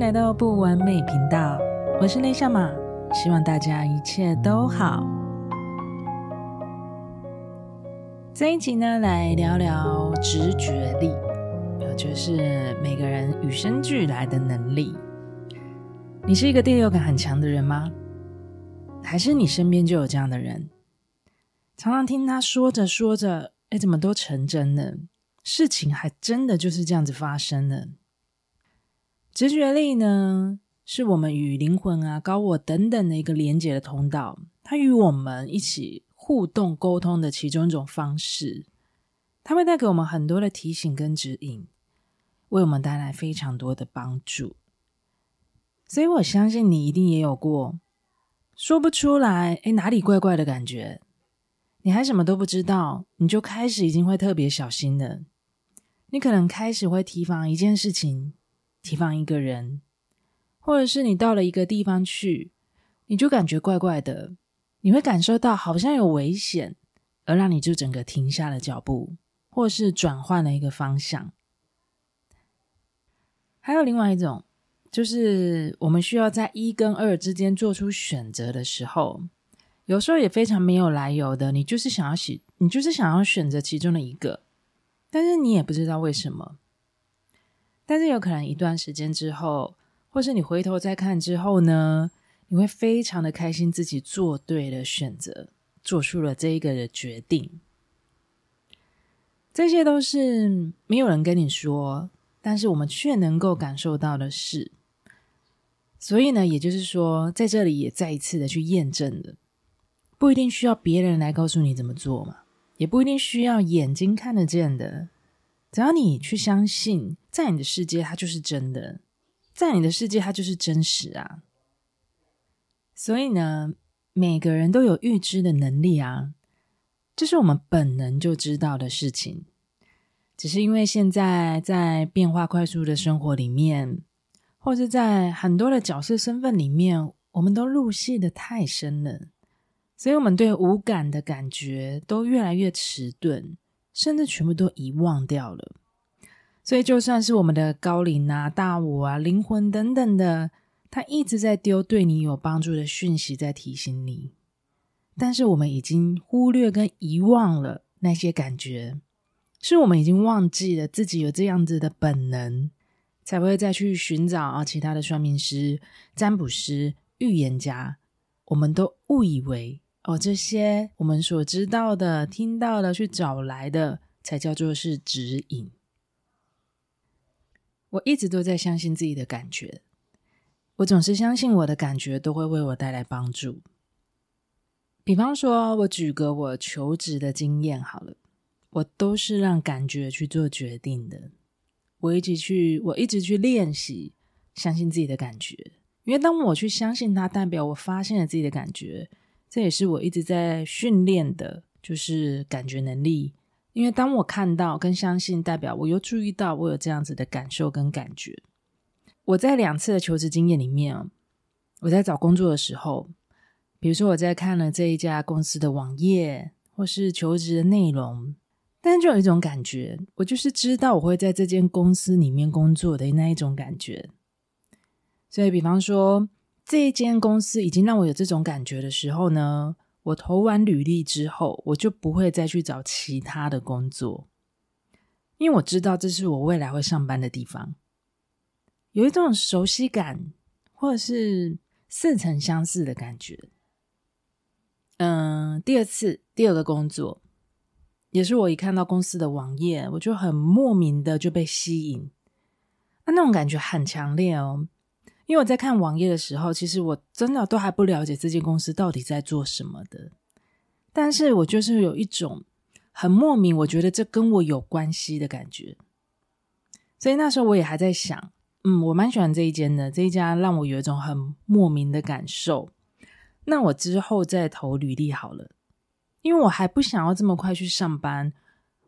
來到不完美頻道，我是內夏瑪，希望大家一切都好。這一集呢，來聊聊直覺力，也就是每個人與生俱來的能力。你是一個第六感很強的人嗎？還是你身邊就有這樣的人？常常聽他說着說着，哎，怎麼都成真了？事情還真的就是這樣子發生的直覺力呢，是我們與靈魂啊、高我等等的一個連接的通道，它與我們一起互動、溝通的其中一種方式。它會帶給我們很多的提醒跟指引，為我們帶來非常多的幫助。所以我相信你一定也有過說不出來，誒，哪裡怪怪的感覺，你還什麼都不知道，你就開始已經會特別小心的，你可能開始會提防一件事情。提防一個人，或者是你到了一個地方去，你就感覺怪怪的，你會感受到好像有危險，而讓你就整個停下了腳步，或是轉換了一個方向。還有另外一種，就是我們需要在一跟二之間做出選擇的時候，有時候也非常沒有來由的，你就是想要喜，你就是想要選擇其中的一個，但是你也不知道為什麼。但是有可能一段時間之後，或是你回頭再看之後呢，你會非常的開心自己做對了選擇，做出了這一個的決定。這些都是沒有人跟你說，但是我們卻能夠感受到的事。所以呢，也就是說，在這裡也再一次的去驗證了，不一定需要別人來告訴你怎麼做嘛，也不一定需要眼睛看得見的。只要你去相信，在你的世界它就是真的，在你的世界它就是真實啊！所以呢，每個人都有預知的能力啊，這是我們本能就知道的事情。只是因為現在在變化快速的生活裡面，或是在很多的角色身份裡面，我們都入戲的太深了，所以我們對無感的感覺都越來越遲鈍。甚至全部都遺忘掉了，所以就算是我們的高靈啊、大我啊、靈魂等等的，它一直在丟對你有幫助的訊息，在提醒你，但是我們已經忽略跟遺忘了那些感覺，是我們已經忘記了自己有這樣子的本能，才不會再去尋找啊其他的算命師、占卜師、預言家，我們都誤以為。哦，這些我們所知道的、聽到的、去找來的，才叫做是指引。我一直都在相信自己的感覺，我總是相信我的感覺都會為我帶來幫助。比方說，我舉個我求職的經驗好了，我都是讓感覺去做決定的。我一直去，我一直去練習相信自己的感覺，因為當我去相信它，代表我發現了自己的感覺。這也是我一直在訓練的，就是感覺能力。因為當我看到、跟相信代表，我又注意到我有這樣子的感受跟感覺。我在兩次的求職經驗裡面，我在找工作的時候，比如說我在看了這一家公司的網頁或是求職的內容，但是就有一種感覺，我就是知道我會在這間公司裡面工作的那一種感覺。所以，比方說。這一間公司已經讓我有這種感覺的時候呢，我投完履歷之後，我就不會再去找其他的工作，因為我知道這是我未來會上班的地方，有一種熟悉感或者是似曾相識的感覺。嗯，第二次，第二個工作，也是我一看到公司的網頁，我就很莫名的就被吸引，那那種感覺很強烈哦。因為我在看網頁的時候，其實我真的都還不了解這間公司到底在做什麼的。但是，我就是有一種很莫名，我覺得這跟我有關係的感覺。所以那時候我也還在想，嗯，我蠻喜歡這一間的，這一家讓我有一種很莫名的感受。那我之後再投履歷好了，因為我還不想要這麼快去上班。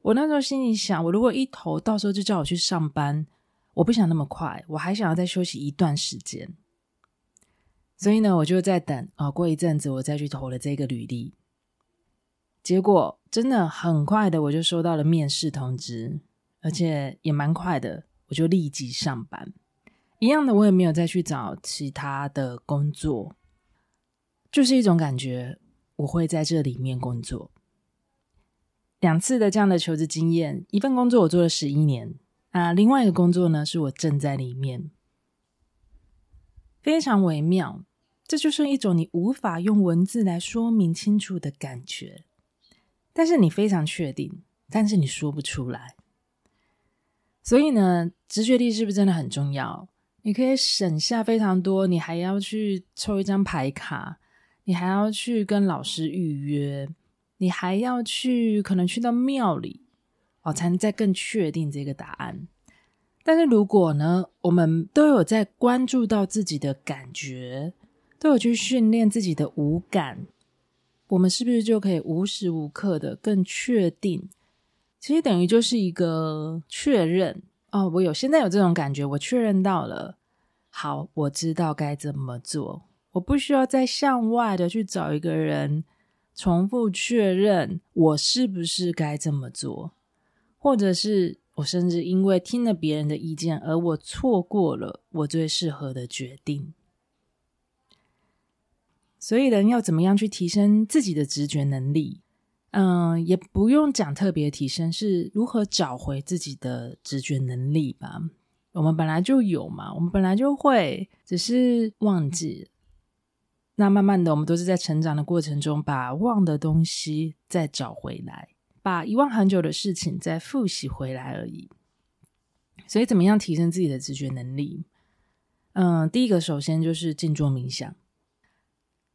我那時候心裡想，我如果一投，到時候就叫我去上班，我不想那麼快，我還想要再休息一段時間，所以呢，我就在等啊、哦，過一陣子我再去投了這個履歷。結果真的很快的，我就收到了面試通知，而且也蠻快的，我就立即上班。一樣的，我也沒有再去找其他的工作，就是一種感覺，我會在這裡面工作。兩次的這樣的求職經驗，一份工作我做了十一年。啊，另外一個工作呢，是我正在裡面，非常微妙。這就是一種你無法用文字來說明清楚的感覺，但是你非常確定，但是你說不出來。所以呢，直覺力是不是真的很重要？你可以省下非常多，你還要去抽一張牌卡，你還要去跟老師預約，你還要去，可能去到廟裡。我、哦、才能再更確定這個答案。但是如果呢，我們都有在關注到自己的感覺，都有去訓練自己的五感，我們是不是就可以無時無刻的更確定？其實等於就是一個確認哦。我有，現在有這種感覺，我確認到了。好，我知道該怎麼做，我不需要再向外的去找一個人重複確認我是不是該這麼做。或者是我甚至因為聽了別人的意見，而我錯過了我最適合的決定。所以人要怎麼樣去提升自己的直覺能力？嗯，也不用講特別提升，是如何找回自己的直覺能力吧？我們本來就有嘛，我們本來就會，只是忘記。那慢慢的，我們都是在成長的過程中，把忘的東西再找回來。把遺忘很久的事情再複習回來而已，所以怎麼樣提升自己的直覺能力？嗯，第一個首先就是靜坐冥想。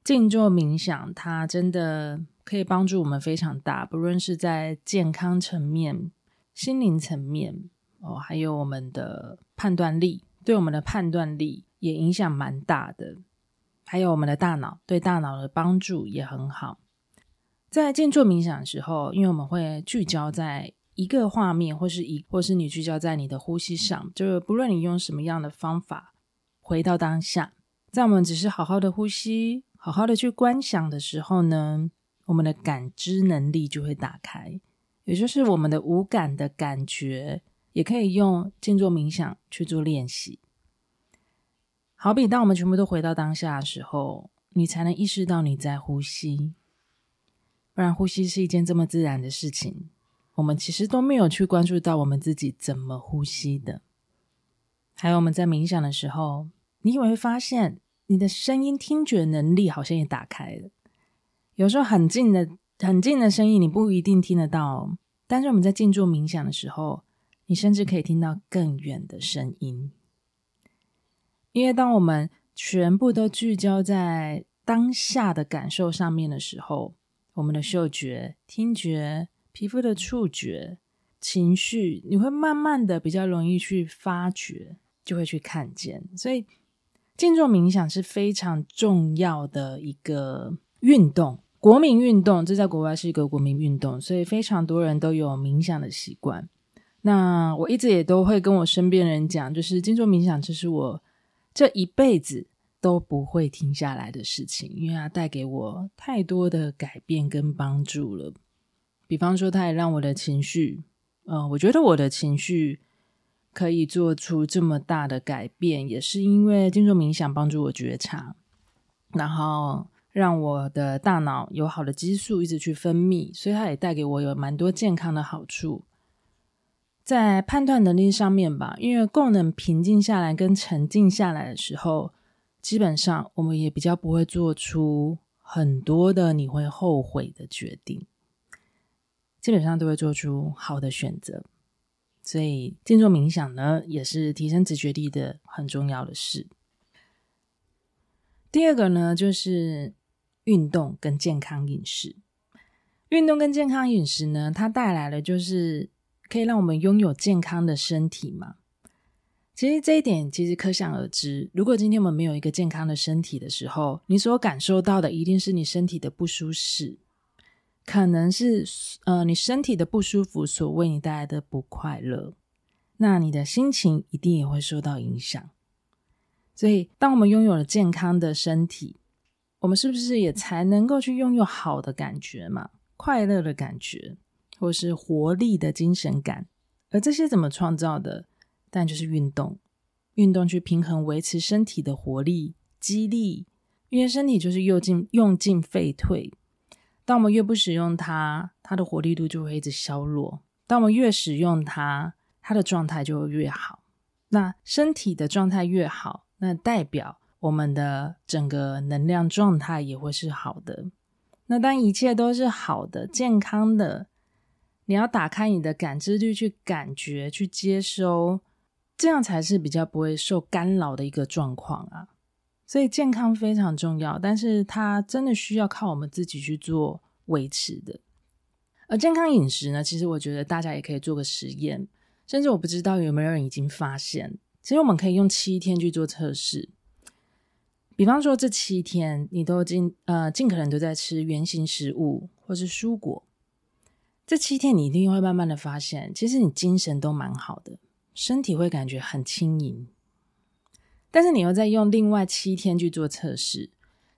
靜坐冥想，它真的可以幫助我們非常大，不論是在健康層面、心靈層面，哦，還有我們的判斷力，對我們的判斷力也影響蠻大的，還有我們的大腦，對大腦的幫助也很好。在靜坐冥想的時候，因為我們會聚焦在一個畫面，或是一或是你聚焦在你的呼吸上，就是不論你用什麼樣的方法回到當下，在我們只是好好的呼吸、好好的去觀想的時候呢，我們的感知能力就會打開，也就是我們的五感的感覺，也可以用靜坐冥想去做練習。好比當我們全部都回到當下的時候，你才能意識到你在呼吸。不然，呼吸是一件這麼自然的事情，我們其實都沒有去關注到我們自己怎麼呼吸的。還有，我們在冥想的時候，你也會發現你的聲音聽覺能力好像也打開了。有時候很近的、很近的聲音，你不一定聽得到；但是我們在靜坐冥想的時候，你甚至可以聽到更遠的聲音。因為當我們全部都聚焦在當下的感受上面的時候。我們的嗅覺、聽覺、皮膚的觸覺、情緒，你會慢慢的比較容易去發覺，就會去看見。所以，靜坐冥想是非常重要的一個運動、國民運動。這在國外是一個國民運動，所以非常多人都有冥想的習慣。那我一直也都會跟我身邊的人講，就是靜坐冥想，這是我這一輩子，都不會停下來的事情，因為它帶給我太多的改變跟幫助了。比方說，它也讓我的情緒，呃，我覺得我的情緒可以做出這麼大的改變，也是因為靜坐冥想幫助我覺察，然後讓我的大腦有好的激素一直去分泌，所以它也帶給我有蠻多健康的好處。在判斷能力上面吧，因為更能平靜下來跟沉靜下來的時候。基本上，我們也比較不會做出很多的你會後悔的決定，基本上都會做出好的選擇。所以，靜坐冥想呢，也是提升直覺力的很重要的事。第二個呢，就是運動跟健康飲食。運動跟健康飲食呢，它帶來的就是可以讓我們擁有健康的身體嘛。其實這一點其實可想而知。如果今天我們沒有一個健康的身體的時候，你所感受到的一定是你身體的不舒適，可能是呃你身體的不舒服所為你帶來的不快樂，那你的心情一定也會受到影響。所以，當我們擁有了健康的身體，我們是不是也才能夠去擁有好的感覺嘛？快樂的感覺，或是活力的精神感，而這些怎麼創造的？但就是運動，運動去平衡、維持身體的活力、肌力。因為身體就是用進、用進廢退。當我們越不使用它，它的活力度就會一直削弱；當我們越使用它，它的狀態就會越好。那身體的狀態越好，那代表我們的整個能量狀態也會是好的。那當一切都是好的、健康的，你要打開你的感知力，去感覺、去接收。這樣才是比較不會受干擾的一個狀況啊，所以健康非常重要，但是它真的需要靠我們自己去做維持的。而健康飲食呢，其實我覺得大家也可以做個實驗，甚至我不知道有沒有人已經發現，其實我們可以用七天去做測試。比方說，這七天你都儘呃儘可能都在吃原型食物或是蔬果，這七天你一定會慢慢的發現，其實你精神都蠻好的。身體會感覺很輕盈，但是你又在用另外七天去做測試。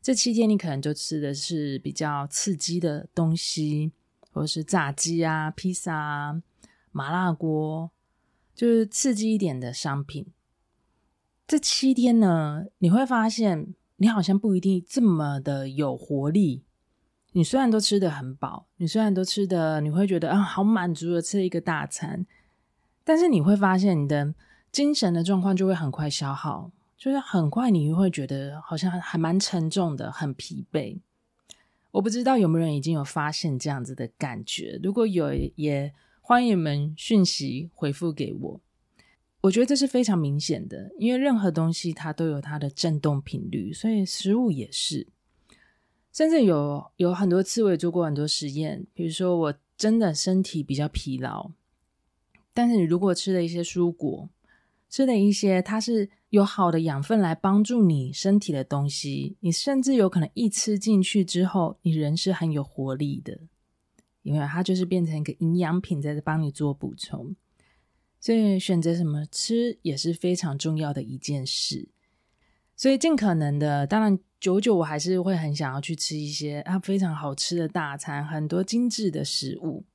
這七天你可能就吃的是比較刺激的東西，或是炸雞啊、披薩啊、麻辣鍋，就是刺激一點的商品。這七天呢，你會發現你好像不一定這麼的有活力。你雖然都吃得很飽，你雖然都吃得，你會覺得啊，好滿足的吃一個大餐。但是你會發現，你的精神的狀況就會很快消耗，就是很快你會覺得好像還蠻沉重的，很疲憊。我不知道有沒有人已經有發現這樣子的感覺，如果有，也歡迎你們訊息回復給我。我覺得這是非常明顯的，因為任何東西它都有它的震動頻率，所以食物也是。甚至有有很多次我做過很多實驗，比如說，我真的身體比較疲勞。但是你如果吃了一些蔬果，吃了一些它是有好的養分來幫助你身體的東西，你甚至有可能一吃進去之後，你人是很有活力的，因為它就是變成一個營養品在幫你做補充。所以選擇什麼吃也是非常重要的一件事。所以盡可能的，當然，久久我還是會很想要去吃一些啊非常好吃的大餐，很多精緻的食物。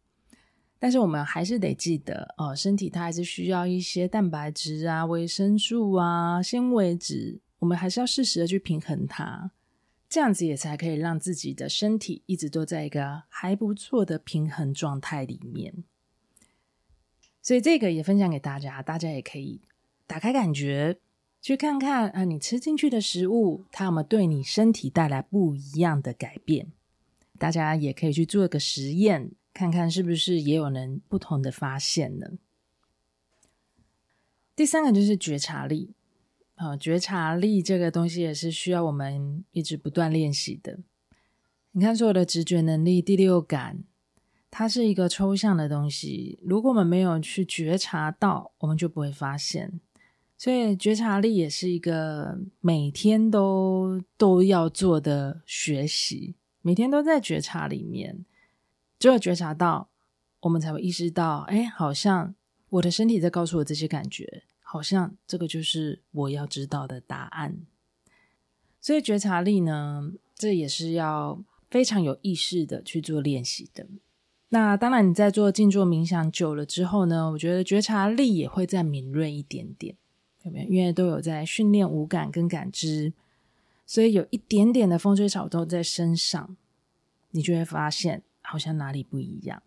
但是我們還是得記得哦，身體它還是需要一些蛋白質啊、維生素啊、纖維質，我們還是要適時的去平衡它，這樣子也才可以讓自己的身體一直都在一個還不錯的平衡狀態裡面。所以這個也分享給大家，大家也可以打開感覺去看看啊，你吃進去的食物它有沒有對你身體帶來不一樣的改變？大家也可以去做一個實驗。看看是不是也有人不同的發現呢？第三個就是覺察力，啊、嗯，覺察力這個東西也是需要我們一直不斷練習的。你看，所有的直覺能力、第六感，它是一個抽象的東西，如果我們沒有去覺察到，我們就不會發現。所以，覺察力也是一個每天都都要做的學習，每天都在覺察裡面。只有覺察到，我們才會意識到，哎，好像我的身體在告訴我這些感覺，好像這個就是我要知道的答案。所以覺察力呢，這也是要非常有意識的去做練習的。那當然，你在做靜坐冥想久了之後呢，我覺得覺察力也會再敏銳一點點，有沒有？因為都有在訓練五感跟感知，所以有一點點的風吹草動在身上，你就會發現。好像哪裡不一樣，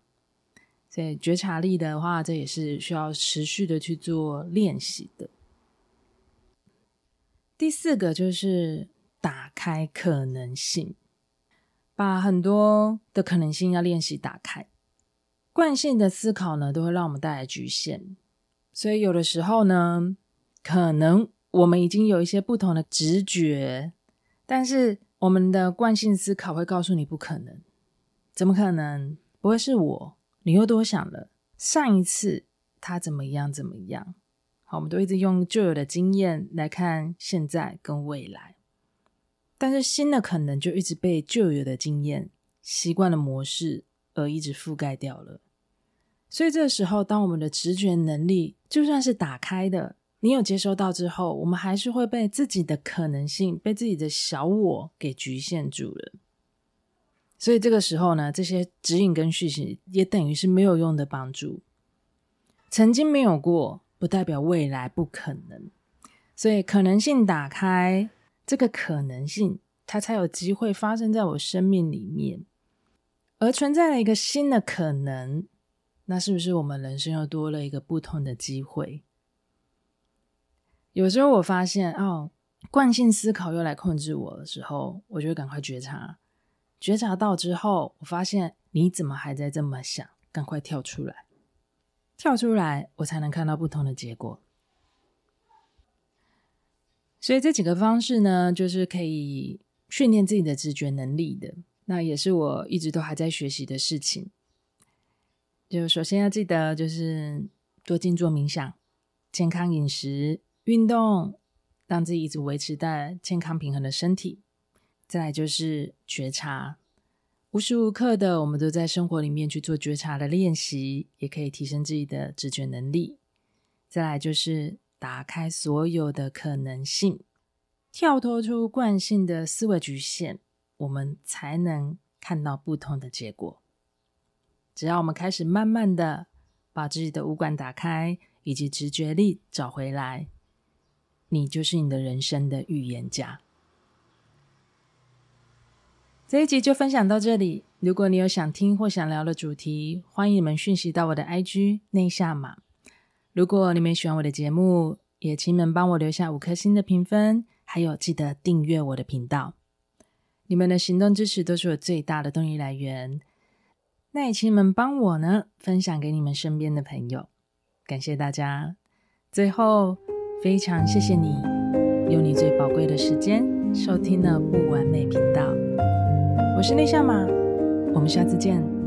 所以覺察力的話，這也是需要持續的去做練習的。第四個就是打開可能性，把很多的可能性要練習打開。慣性的思考呢，都會讓我們帶來局限，所以有的時候呢，可能我們已經有一些不同的直覺，但是我們的慣性思考會告訴你不可能。怎麼可能？不會是我？你又多想了。上一次他怎麼樣怎麼樣？好，我們都一直用舊有的經驗來看現在跟未來，但是新的可能就一直被舊有的經驗習慣了模式而一直覆蓋掉了。所以這時候，當我們的直覺能力就算是打開的，你有接收到之後，我們還是會被自己的可能性、被自己的小我給局限住了。所以這個時候呢，這些指引跟訊息也等於是沒有用的幫助。曾經沒有過，不代表未來不可能。所以可能性打開，這個可能性，它才有機會發生在我生命裡面，而存在了一個新的可能。那是不是我們人生又多了一個不同的機會？有時候我發現，哦，慣性思考又來控制我的時候，我就會趕快覺察。覺察到之後，我發現你怎麼還在這麼想？趕快跳出來，跳出來，我才能看到不同的結果。所以這幾個方式呢，就是可以訓練自己的直覺能力的。那也是我一直都還在學習的事情。就首先要記得，就是多靜坐冥想、健康飲食、運動，讓自己一直維持在健康平衡的身體。再來就是覺察，無時無刻的，我們都在生活裡面去做覺察的練習，也可以提升自己的直覺能力。再來就是打開所有的可能性，跳脫出慣性的思維局限，我們才能看到不同的結果。只要我們開始慢慢的把自己的五官打開，以及直覺力找回來，你就是你的人生的預言家。這一集就分享到這裡。如果你有想聽或想聊的主題，歡迎你們訊息到我的 IG 內夏瑪。如果你們喜歡我的節目，也請你們幫我留下五顆星的評分，還有記得訂閱我的頻道。你們的行動支持都是我最大的動力來源。那也請你們幫我呢，分享給你們身邊的朋友。感謝大家。最後，非常謝謝你，用你最寶貴的時間收聽了不完美頻道。我是內夏瑪，我們下次見。